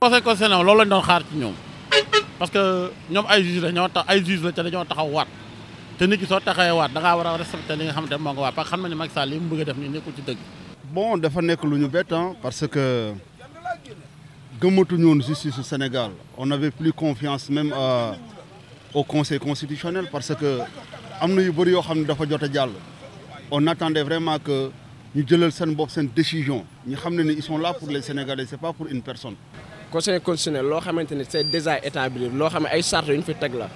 conseil constitutionnel loolu lañ doon xaar ci ñoom parce que ñoom ay juge la ñoo tax ay juge la te dañoo taxaw waat te nit ki soo taxawee waat da ngaa war a respecté li nga xam ne moo nga waat parce que xam na ne Macky Sall li mu bëgg a def nii dafa nekk lu ñu bett parce que gëmmatuñu woon justice Sénégal on avait plus confiance même à, euh, au conseil constitutionnel parce que am na yu bëri yoo xam ne dafa jot a jàll. on attendait vraiment que ñu jëlal seen bopp seen décision ñu xam ne ni ils sont là pour les Sénégalais c'est pas pour une personne. conseil constitutionnel loo xamante ne c'est déjà établi loo xam ne ay chartes yu ñu fi teg la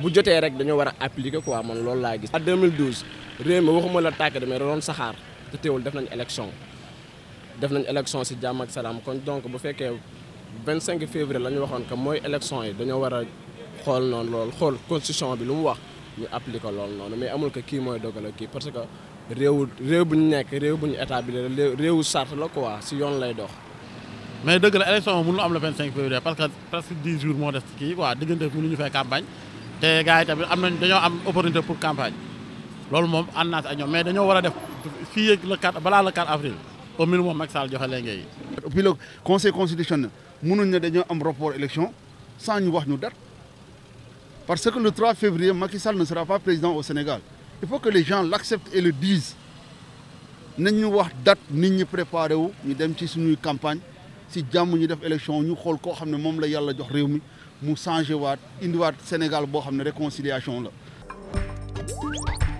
bu jotee rek dañoo war a appliquer quoi man loolu laa gis. à 2012 réew mi waxuma la tàkk mais da doon saxaar te teewul def nañ élection def nañ élection si jàmm ak salaam kon donc bu fekkee 25 février la ñu waxoon que mooy élection yi dañoo war a xool noonu loolu xool constitution bi lu mu wax. ñu appliqué loolu noonu mais amul que kii mooy dogal ak kii parce que réew réew bu ñu nekk réew bu ñu établi réewu charte la quoi si yoon lay dox. mais dëgg la élection mënu am le 25 février parce que presque 10 jours moo des ci kii quoi diggante mënuñu fay campagne te gars am nañ dañoo am opportunité pour campagne loolu moom ànd naa si ñoom mais dañoo war a def fii ak le 4 balaa le 4 avril au minimum Macky Sall joxe léegi yi. puis le conseil na mënuñ ne dañoo am rapport élection sans ñu wax ñu date. Parce que le 3 février, Macky Sall ne sera pas président au Sénégal. Il faut que les gens l'acceptent et le disent. nañ ñu wax date nit ñi préparé wu ñu dem ci suñuy campagne si jàmm ñu def élection ñu xool koo xam ne moom la yàlla jox réew mi mu changé waat indiwaat Sénégal boo xam ne réconciliation la.